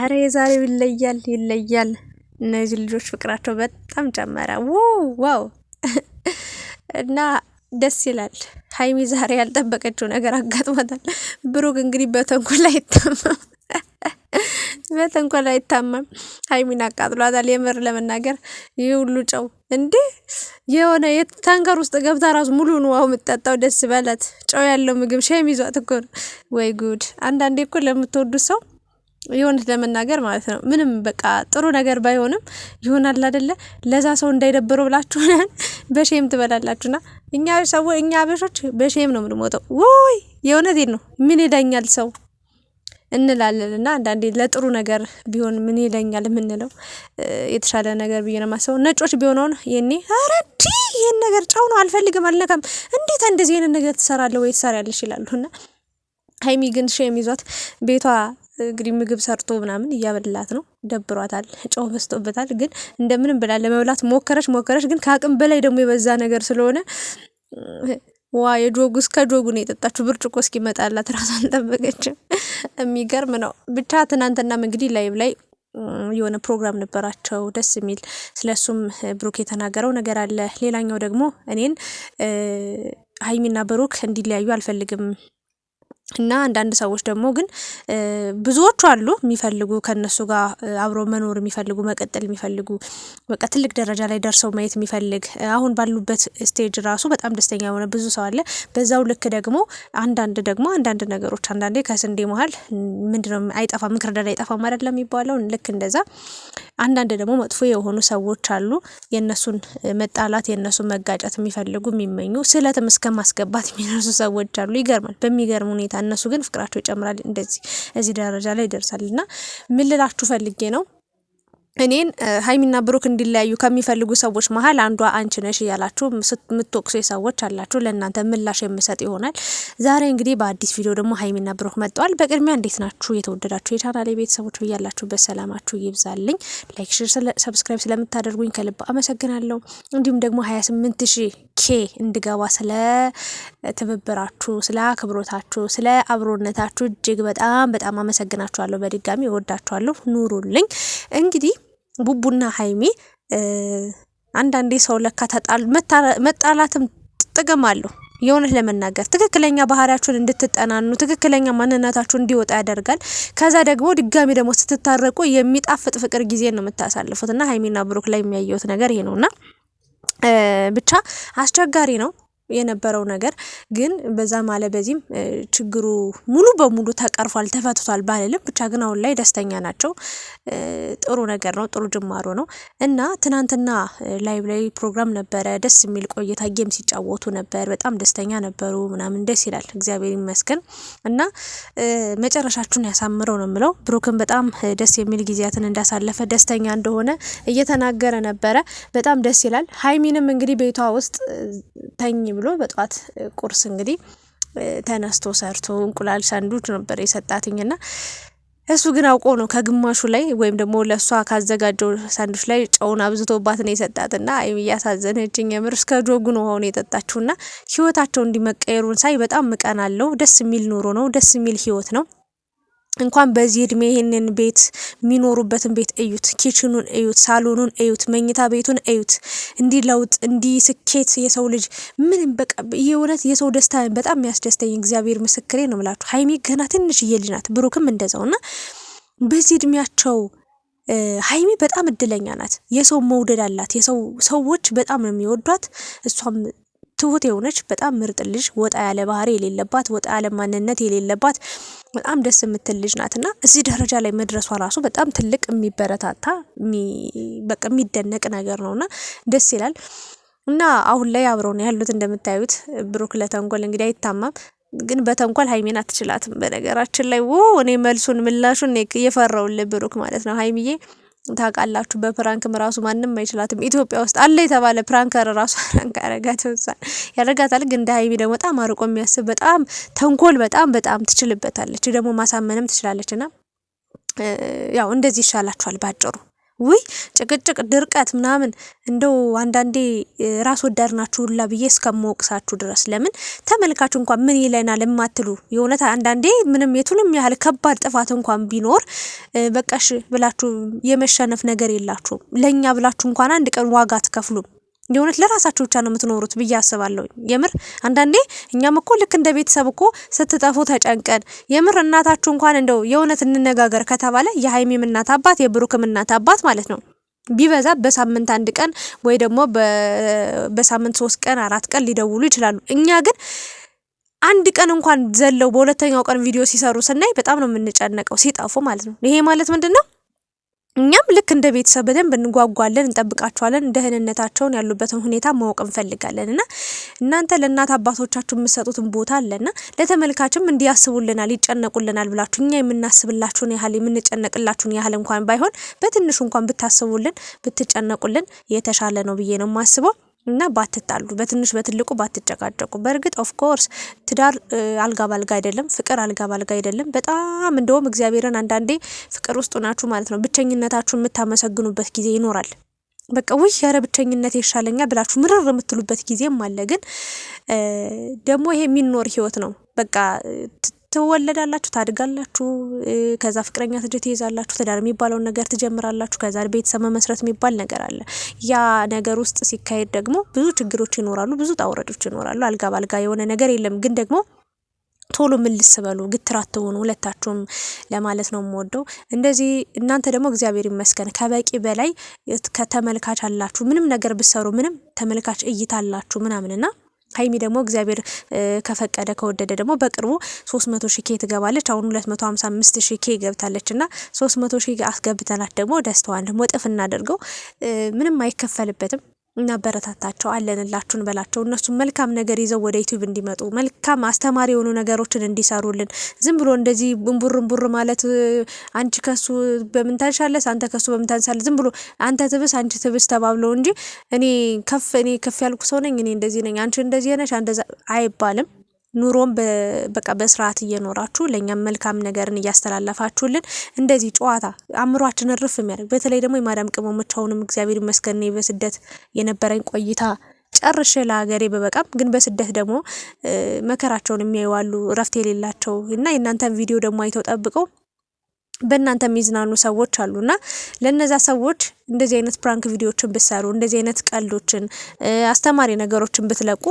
አረ የዛሬው ይለያል ይለያል። እነዚህ ልጆች ፍቅራቸው በጣም ጨመረ። ዋው እና ደስ ይላል። ሀይሚ ዛሬ ያልጠበቀችው ነገር አጋጥሟታል። ብሩክ እንግዲህ በተንኮል አይታማም፣ በተንኮል አይታማም። ሀይሚን አቃጥሏታል። የምር ለመናገር ይህ ሁሉ ጨው እንዴ! የሆነ የታንከር ውስጥ ገብታ ራሱ ሙሉ ዋው የምጠጣው ደስ በላት። ጨው ያለው ምግብ ሸም ይዟት እኮ ነው። ወይ ጉድ! አንዳንዴ እኮ ለምትወዱ ሰው የሆነት ለመናገር ማለት ነው። ምንም በቃ ጥሩ ነገር ባይሆንም ይሆናል አደለ? ለዛ ሰው እንዳይደብሩ ብላችሁ በሼም ትበላላችሁና እኛ ሰው እኛ አበሾች በሼም ነው የምንሞተው። ወይ የእውነቴን ነው። ምን ይለኛል ሰው እንላለን እና አንዳንዴ ለጥሩ ነገር ቢሆን ምን ይለኛል የምንለው የተሻለ ነገር ብዬ ነው የማስበው። ነጮች ቢሆነውን የኔ ረዲ ይህን ነገር ጨው ነው አልፈልግም፣ አልነካም፣ እንዴት እንደዚህ አይነት ነገር ትሰራለህ ወይ ትሰሪያለሽ ይላሉ እና ሀይሚ ግን ሼም ይዟት ቤቷ እንግዲህ ምግብ ሰርቶ ምናምን እያበላት ነው። ደብሯታል፣ ጨው በዝቶበታል። ግን እንደምንም ብላ ለመብላት ሞከረች ሞከረች። ግን ከአቅም በላይ ደግሞ የበዛ ነገር ስለሆነ ዋ የጆጉ እስከ ጆጉ ነው የጠጣችሁ። ብርጭቆ እስኪመጣላት ራሷን ጠበቀች። የሚገርም ነው። ብቻ ትናንትናም እንግዲህ ላይ ላይ የሆነ ፕሮግራም ነበራቸው ደስ የሚል ስለሱም ብሩክ የተናገረው ነገር አለ። ሌላኛው ደግሞ እኔን ሀይሚና ብሩክ እንዲለያዩ አልፈልግም እና አንዳንድ ሰዎች ደግሞ ግን ብዙዎቹ አሉ የሚፈልጉ ከነሱ ጋር አብሮ መኖር የሚፈልጉ መቀጠል የሚፈልጉ በቃ ትልቅ ደረጃ ላይ ደርሰው ማየት የሚፈልግ አሁን ባሉበት ስቴጅ ራሱ በጣም ደስተኛ የሆነ ብዙ ሰው አለ። በዛው ልክ ደግሞ አንዳንድ ደግሞ አንዳንድ ነገሮች አንዳንዴ ከስንዴ መሀል ምንድነው አይጠፋ እንክርዳድ አይጠፋም አይደለም የሚባለው። ልክ እንደዛ አንዳንድ ደግሞ መጥፎ የሆኑ ሰዎች አሉ። የእነሱን መጣላት የእነሱን መጋጨት የሚፈልጉ የሚመኙ ስለትም እስከ ማስገባት የሚደርሱ ሰዎች አሉ። ይገርማል በሚገርም ሁኔታ እነሱ ግን ፍቅራቸው ይጨምራል፣ እንደዚህ እዚህ ደረጃ ላይ ይደርሳል። እና ምን ልላችሁ ፈልጌ ነው እኔን ሀይሚና ብሩክ እንዲለያዩ ከሚፈልጉ ሰዎች መሀል አንዷ አንቺ ነሽ እያላችሁ የምትወቅሱ ሰዎች አላችሁ። ለእናንተ ምላሽ የምሰጥ ይሆናል። ዛሬ እንግዲህ በአዲስ ቪዲዮ ደግሞ ሀይሚና ብሩክ መጥተዋል። በቅድሚያ እንዴት ናችሁ? የተወደዳችሁ የቻናል ቤተሰቦች ብያላችሁ ሰላማችሁ ይብዛልኝ። ላይክ፣ ሽር፣ ሰብስክራይብ ስለምታደርጉኝ ከልብ አመሰግናለሁ። እንዲሁም ደግሞ ሀያ ስምንት ሺህ ኬ እንድገባ ስለ ትብብራችሁ፣ ስለ አክብሮታችሁ፣ ስለ አብሮነታችሁ እጅግ በጣም በጣም አመሰግናችኋለሁ። በድጋሚ እወዳችኋለሁ። ኑሩልኝ እንግዲህ ቡቡና ሀይሚ አንዳንዴ ሰው ለካ ተጣሉ መጣላትም ጥቅም አለው። የእውነት ለመናገር ትክክለኛ ባህሪያችሁን እንድትጠናኑ ትክክለኛ ማንነታችሁን እንዲወጣ ያደርጋል። ከዛ ደግሞ ድጋሚ ደግሞ ስትታረቁ የሚጣፍጥ ፍቅር ጊዜ ነው የምታሳልፉት እና ሀይሚና ብሩክ ላይ የሚያየውት ነገር ይሄ ነውና ብቻ አስቸጋሪ ነው። የነበረው ነገር ግን በዛ ማለ በዚህም ችግሩ ሙሉ በሙሉ ተቀርፏል፣ ተፈትቷል ባልልም ብቻ ግን አሁን ላይ ደስተኛ ናቸው። ጥሩ ነገር ነው፣ ጥሩ ጅማሮ ነው እና ትናንትና ላይቭ ላይ ፕሮግራም ነበረ፣ ደስ የሚል ቆይታ፣ ጌም ሲጫወቱ ነበር፣ በጣም ደስተኛ ነበሩ ምናምን፣ ደስ ይላል። እግዚአብሔር ይመስገን እና መጨረሻችሁን ያሳምረው ነው የምለው። ብሩክን በጣም ደስ የሚል ጊዜያትን እንዳሳለፈ ደስተኛ እንደሆነ እየተናገረ ነበረ። በጣም ደስ ይላል። ሀይሚንም እንግዲህ ቤቷ ውስጥ ተኝ ብሎ በጠዋት ቁርስ እንግዲህ ተነስቶ ሰርቶ እንቁላል ሳንዱች ነበር የሰጣትኝ ና እሱ ግን አውቆ ነው ከግማሹ ላይ ወይም ደግሞ ለእሷ ካዘጋጀው ሳንዱች ላይ ጨውን አብዝቶባት ነው የሰጣት ና የሰጣትና እያሳዘነችኝ የምር እስከ ጆጉ ነው ሆኖ የጠጣችሁና ህይወታቸው እንዲመቀየሩን ሳይ በጣም ምቀናለው ደስ የሚል ኑሮ ነው፣ ደስ የሚል ህይወት ነው። እንኳን በዚህ እድሜ ይህንን ቤት የሚኖሩበትን ቤት እዩት፣ ኪችኑን እዩት፣ ሳሎኑን እዩት፣ መኝታ ቤቱን እዩት። እንዲህ ለውጥ እንዲህ ስኬት የሰው ልጅ ምን በቃ የእውነት የሰው ደስታ በጣም የሚያስደስተኝ እግዚአብሔር ምስክሬ ነው ምላችሁ። ሀይሚ ገና ትንሽዬ ልጅ ናት፣ ብሩክም እንደዛው እና በዚህ እድሜያቸው ሀይሚ በጣም እድለኛ ናት። የሰው መውደድ አላት። የሰው ሰዎች በጣም ነው የሚወዷት። እሷም ትሁት የሆነች በጣም ምርጥ ልጅ፣ ወጣ ያለ ባህሪ የሌለባት፣ ወጣ ያለ ማንነት የሌለባት በጣም ደስ የምትል ልጅ ናት እና እዚህ ደረጃ ላይ መድረሷ ራሱ በጣም ትልቅ የሚበረታታ በቃ የሚደነቅ ነገር ነው እና ደስ ይላል። እና አሁን ላይ አብረው ነው ያሉት እንደምታዩት። ብሩክ ለተንኮል እንግዲህ አይታማም፣ ግን በተንኮል ሀይሜን አትችላትም። በነገራችን ላይ እኔ መልሱን ምላሹን የፈራውን ብሩክ ማለት ነው ሀይሚዬ ታውቃላችሁ በፕራንክም ራሱ ማንም አይችላትም። ኢትዮጵያ ውስጥ አለ የተባለ ፕራንከር ራሱ ፕራንክ ያረጋታል ያረጋታል። ግን ሀይሚ ደግሞ በጣም አርቆ የሚያስብ በጣም ተንኮል በጣም በጣም ትችልበታለች፣ ደግሞ ማሳመንም ትችላለች። እና ያው እንደዚህ ይሻላችኋል ባጭሩ። ውይ ጭቅጭቅ፣ ድርቀት ምናምን እንደው አንዳንዴ ራስ ወዳድ ናችሁ ሁላ ብዬ እስከመወቅሳችሁ ድረስ ለምን ተመልካች እንኳን ምን ይለናል የማትሉ የእውነት አንዳንዴ ምንም የቱንም ያህል ከባድ ጥፋት እንኳን ቢኖር በቃሽ ብላችሁ የመሸነፍ ነገር የላችሁም። ለእኛ ብላችሁ እንኳን አንድ ቀን ዋጋ አትከፍሉም። የእውነት ለራሳችሁ ብቻ ነው የምትኖሩት ብዬ አስባለሁ። የምር አንዳንዴ እኛም እኮ ልክ እንደ ቤተሰብ እኮ ስትጠፉ ተጨንቀን የምር እናታችሁ እንኳን እንደው የእውነት እንነጋገር ከተባለ የሀይሚም እናት አባት የብሩክም እናት አባት ማለት ነው ቢበዛ በሳምንት አንድ ቀን ወይ ደግሞ በሳምንት ሶስት ቀን አራት ቀን ሊደውሉ ይችላሉ። እኛ ግን አንድ ቀን እንኳን ዘለው በሁለተኛው ቀን ቪዲዮ ሲሰሩ ስናይ በጣም ነው የምንጨነቀው ሲጠፉ ማለት ነው። ይሄ ማለት ምንድን ነው? እኛም ልክ እንደ ቤተሰብ በደንብ እንጓጓለን፣ እንጠብቃቸዋለን። ደህንነታቸውን ያሉበትን ሁኔታ ማወቅ እንፈልጋለን እና እናንተ ለእናት አባቶቻችሁ የምሰጡትን ቦታ አለና ለተመልካችም እንዲያስቡልናል፣ ይጨነቁልናል ብላችሁ እኛ የምናስብላችሁን ያህል የምንጨነቅላችሁን ያህል እንኳን ባይሆን በትንሹ እንኳን ብታስቡልን፣ ብትጨነቁልን የተሻለ ነው ብዬ ነው የማስበው። እና ባትጣሉ በትንሽ በትልቁ ባትጨቃጨቁ። በእርግጥ ኦፍኮርስ ትዳር አልጋ ባልጋ አይደለም፣ ፍቅር አልጋ ባልጋ አይደለም። በጣም እንደውም እግዚአብሔርን አንዳንዴ ፍቅር ውስጥ ናችሁ ማለት ነው ብቸኝነታችሁን የምታመሰግኑበት ጊዜ ይኖራል። በቃ ውይ ያረ ብቸኝነት ይሻለኛ ብላችሁ ምርር የምትሉበት ጊዜም አለ። ግን ደግሞ ይሄ የሚኖር ህይወት ነው። በቃ ትወለዳላችሁ፣ ታድጋላችሁ፣ ከዛ ፍቅረኛ ትይዛላችሁ፣ ትዳር የሚባለውን ነገር ትጀምራላችሁ፣ ከዛ ቤተሰብ መመስረት የሚባል ነገር አለ። ያ ነገር ውስጥ ሲካሄድ ደግሞ ብዙ ችግሮች ይኖራሉ፣ ብዙ ጣውረዶች ይኖራሉ። አልጋ ባልጋ የሆነ ነገር የለም። ግን ደግሞ ቶሎ ምን ልስበሉ ግትራት ትሆኑ ሁለታችሁም ለማለት ነው የምወደው። እንደዚህ እናንተ ደግሞ እግዚአብሔር ይመስገን ከበቂ በላይ ከተመልካች አላችሁ። ምንም ነገር ብሰሩ ምንም ተመልካች እይታ አላችሁ ምናምንና ሀይሚ ደግሞ እግዚአብሔር ከፈቀደ ከወደደ ደግሞ በቅርቡ 300 ሺህ ኬ ትገባለች። አሁን 255 ሺህ ኬ ገብታለች እና 300 ሺህ አስገብተናት ደግሞ ደስተዋን ደግሞ እጥፍ እናደርገው። ምንም አይከፈልበትም እናበረታታቸዋለን ላችሁ በላቸው እነሱ መልካም ነገር ይዘው ወደ ዩቲዩብ እንዲመጡ መልካም አስተማሪ የሆኑ ነገሮችን እንዲሰሩልን ዝም ብሎ እንደዚህ እምቡር እምቡር ማለት አንቺ ከሱ በምን ታንሻለስ፣ አንተ ከሱ በምን ታንሳለህ፣ ዝም ብሎ አንተ ትብስ፣ አንቺ ትብስ ተባብለው እንጂ እኔ ከፍ እኔ ከፍ ያልኩ ሰው ነኝ እኔ እንደዚህ ነኝ፣ አንቺ እንደዚህ ነሽ አይባልም። ኑሮም በቃ በስርዓት እየኖራችሁ ለእኛም መልካም ነገርን እያስተላለፋችሁልን እንደዚህ ጨዋታ አእምሯችን እርፍ የሚያደርግ በተለይ ደግሞ የማዳም ቅመሞቻውንም እግዚአብሔር ይመስገን በስደት የነበረኝ ቆይታ ጨርሼ ለሀገሬ በበቃም ግን በስደት ደግሞ መከራቸውን የሚያዩዋሉ እረፍት የሌላቸው እና የእናንተን ቪዲዮ ደግሞ አይተው ጠብቀው በእናንተ የሚዝናኑ ሰዎች አሉና ለነዛ ሰዎች እንደዚህ አይነት ፕራንክ ቪዲዮዎችን ብትሰሩ፣ እንደዚህ አይነት ቀልዶችን፣ አስተማሪ ነገሮችን ብትለቁ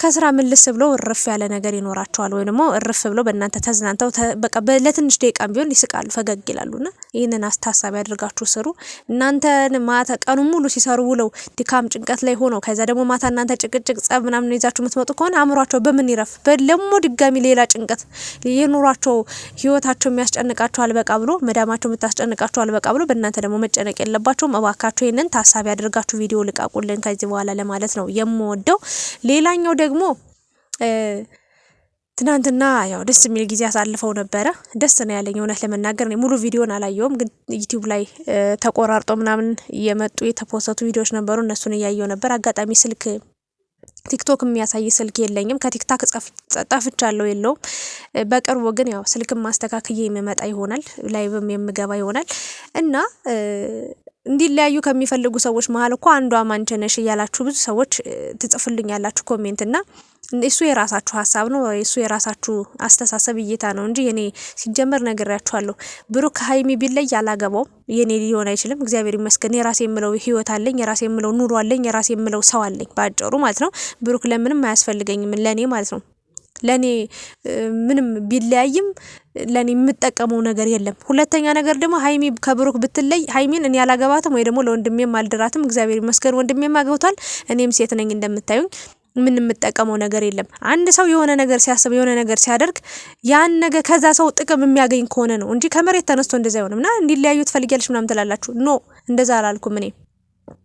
ከስራ ምልስ ብሎ እርፍ ያለ ነገር ይኖራቸዋል። ወይ ደግሞ እርፍ ብሎ በእናንተ ተዝናንተው በቃ ለትንሽ ደቂቃም ቢሆን ይስቃሉ፣ ፈገግ ይላሉና ይህንን አስታሳቢ አድርጋችሁ ስሩ። እናንተን ማታ ቀኑ ሙሉ ሲሰሩ ውለው ድካም ጭንቀት ላይ ሆነው ከዛ ደግሞ ማታ እናንተ ጭቅጭቅ ጸብ ምናምን ይዛችሁ የምትመጡ ከሆነ አእምሯቸው በምን ይረፍ? ደግሞ ድጋሚ ሌላ ጭንቀት የኑሯቸው ህይወታቸው የሚያስጨንቃቸው አልበቃ ብሎ መዳማቸው የምታስጨንቃቸው አልበቃ ብሎ በእናንተ ደግሞ መጨነቅ የለባቸውም። እባካችሁ ይህንን ታሳቢ አድርጋችሁ ቪዲዮ ልቀቁልን ከዚህ በኋላ ለማለት ነው የምወደው። ሌላኛው ደግሞ ትናንትና ያው ደስ የሚል ጊዜ አሳልፈው ነበረ። ደስ ነው ያለኝ እውነት ለመናገር ነው። ሙሉ ቪዲዮን አላየውም፣ ግን ዩቲዩብ ላይ ተቆራርጦ ምናምን የመጡ የተፖሰቱ ቪዲዮዎች ነበሩ። እነሱን እያየው ነበር። አጋጣሚ ስልክ ቲክቶክ የሚያሳይ ስልክ የለኝም። ከቲክታክ ጠፍቻለሁ የለውም። በቅርቡ ግን ያው ስልክም ማስተካከዬ የሚመጣ ይሆናል፣ ላይብም የምገባ ይሆናል እና እንዲለያዩ ከሚፈልጉ ሰዎች መሀል እኮ አንዷ አንቺ ነሽ እያላችሁ ብዙ ሰዎች ትጽፍልኝ ያላችሁ ኮሜንት እና እሱ የራሳችሁ ሀሳብ ነው፣ እሱ የራሳችሁ አስተሳሰብ እይታ ነው እንጂ የኔ ሲጀመር ነግሬያችኋለሁ። ብሩክ ከሀይሚ ቢለይ አላገባውም፣ የኔ ሊሆን አይችልም። እግዚአብሔር ይመስገን የራሴ የምለው ህይወት አለኝ፣ የራሴ የምለው ኑሮ አለኝ፣ የራሴ የምለው ሰው አለኝ። በአጭሩ ማለት ነው ብሩክ ለምንም አያስፈልገኝም ለእኔ ማለት ነው። ለኔ ምንም ቢለያይም ለኔ የምጠቀመው ነገር የለም። ሁለተኛ ነገር ደግሞ ሀይሚ ከብሩክ ብትለይ ሀይሚን እኔ አላገባትም ወይ ደግሞ ለወንድሜም አልድራትም። እግዚአብሔር ይመስገን ወንድሜም አግብቷል። እኔም ሴት ነኝ እንደምታዩኝ። ምን የምጠቀመው ነገር የለም። አንድ ሰው የሆነ ነገር ሲያስብ የሆነ ነገር ሲያደርግ ያን ነገር ከዛ ሰው ጥቅም የሚያገኝ ከሆነ ነው እንጂ ከመሬት ተነስቶ እንደዛ አይሆንም። እና እንዲለያዩ ትፈልጊያለሽ ምናምን ትላላችሁ። ኖ እንደዛ አላልኩም እኔ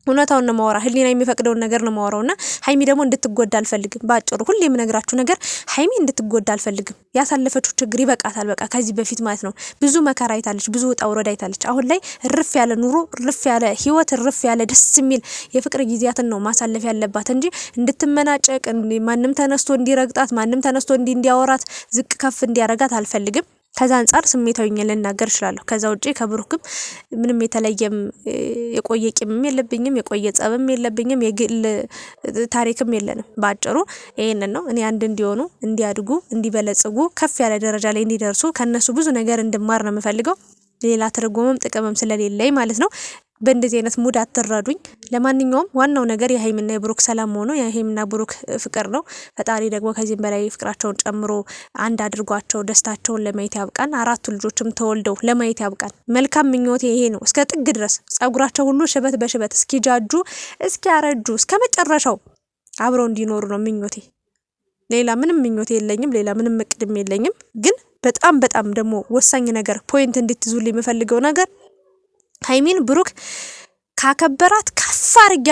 እውነታውን ነው ማወራ ህሊና የሚፈቅደውን ነገር ነው ማወራው እና ሀይሚ ደግሞ እንድትጎዳ አልፈልግም። በአጭሩ ሁሌ የምነግራችሁ ነገር ሀይሚ እንድትጎዳ አልፈልግም። ያሳለፈችው ችግር ይበቃታል። በቃ ከዚህ በፊት ማለት ነው ብዙ መከራ አይታለች፣ ብዙ ውጣ ውረድ አይታለች። አሁን ላይ ርፍ ያለ ኑሮ፣ ርፍ ያለ ህይወት፣ ርፍ ያለ ደስ የሚል የፍቅር ጊዜያትን ነው ማሳለፍ ያለባት እንጂ እንድትመናጨቅ፣ ማንም ተነስቶ እንዲረግጣት፣ ማንም ተነስቶ እንዲ እንዲያወራት፣ ዝቅ ከፍ እንዲያረጋት አልፈልግም። ከዛ አንጻር ስሜታዊኝ ልናገር እችላለሁ። ከዛ ውጪ ከብሩክም ምንም የተለየም የቆየ ቂምም የለብኝም፣ የቆየ ጸብም የለብኝም፣ የግል ታሪክም የለንም። በአጭሩ ይህንን ነው እኔ አንድ እንዲሆኑ እንዲያድጉ፣ እንዲበለጽጉ፣ ከፍ ያለ ደረጃ ላይ እንዲደርሱ ከነሱ ብዙ ነገር እንድማር ነው የምፈልገው። ሌላ ትርጉምም ጥቅምም ስለሌለኝ ማለት ነው። በእንደዚህ አይነት ሙድ አትረዱኝ። ለማንኛውም ዋናው ነገር የሀይምና የብሩክ ሰላም ሆኖ የሀይምና ብሩክ ፍቅር ነው። ፈጣሪ ደግሞ ከዚህም በላይ ፍቅራቸውን ጨምሮ አንድ አድርጓቸው ደስታቸውን ለማየት ያብቃን። አራቱ ልጆችም ተወልደው ለማየት ያብቃን። መልካም ምኞቴ ይሄ ነው። እስከ ጥግ ድረስ ጸጉራቸው ሁሉ ሽበት በሽበት እስኪጃጁ እስኪያረጁ እስከ መጨረሻው አብረው እንዲኖሩ ነው ምኞቴ። ሌላ ምንም ምኞቴ የለኝም። ሌላ ምንም እቅድም የለኝም። ግን በጣም በጣም ደግሞ ወሳኝ ነገር ፖይንት እንድትይዙልኝ የምፈልገው ነገር ሀይሚን ብሩክ ካከበራት ከፍ አድርጌ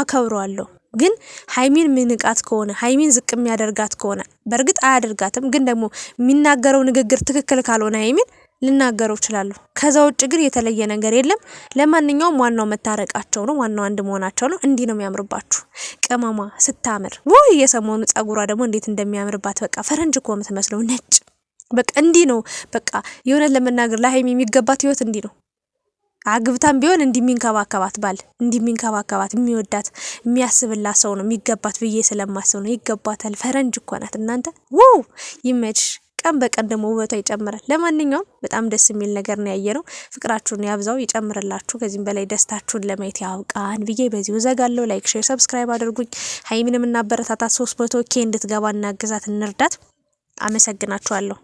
አከብረዋለሁ። ግን ሀይሚን ምንቃት ከሆነ ሀይሚን ዝቅ የሚያደርጋት ከሆነ በእርግጥ አያደርጋትም፣ ግን ደግሞ የሚናገረው ንግግር ትክክል ካልሆነ ሀይሚን ልናገረው እችላለሁ። ከዛ ውጭ ግን የተለየ ነገር የለም። ለማንኛውም ዋናው መታረቃቸው ነው፣ ዋናው አንድ መሆናቸው ነው። እንዲህ ነው የሚያምርባችሁ። ቅመሟ ስታምር ወይ የሰሞኑ ጸጉሯ ደግሞ እንዴት እንደሚያምርባት በቃ ፈረንጅ እኮ የምትመስለው ነጭ። በቃ እንዲህ ነው በቃ የእውነት ለመናገር ለሀይሚ የሚገባት ህይወት እንዲህ ነው። አግብታም ቢሆን እንዲሚንከባከባት ባል እንዲሚንከባከባት የሚወዳት የሚያስብላት ሰው ነው የሚገባት ብዬ ስለማስብ ነው። ይገባታል። ፈረንጅ እኮ ናት እናንተ። ው ይመች። ቀን በቀን ደግሞ ውበቷ ይጨምራል። ለማንኛውም በጣም ደስ የሚል ነገር ነው ያየ ነው። ፍቅራችሁን ያብዛው፣ ይጨምርላችሁ። ከዚህም በላይ ደስታችሁን ለማየት ያውቃን ብዬ በዚሁ ዘጋለሁ። ላይክ፣ ሼር፣ ሰብስክራይብ አድርጉኝ። ሀይሚንም እናበረታታት፣ ሶስት መቶ ኬ እንድትገባ እናግዛት፣ እንርዳት። አመሰግናችኋለሁ።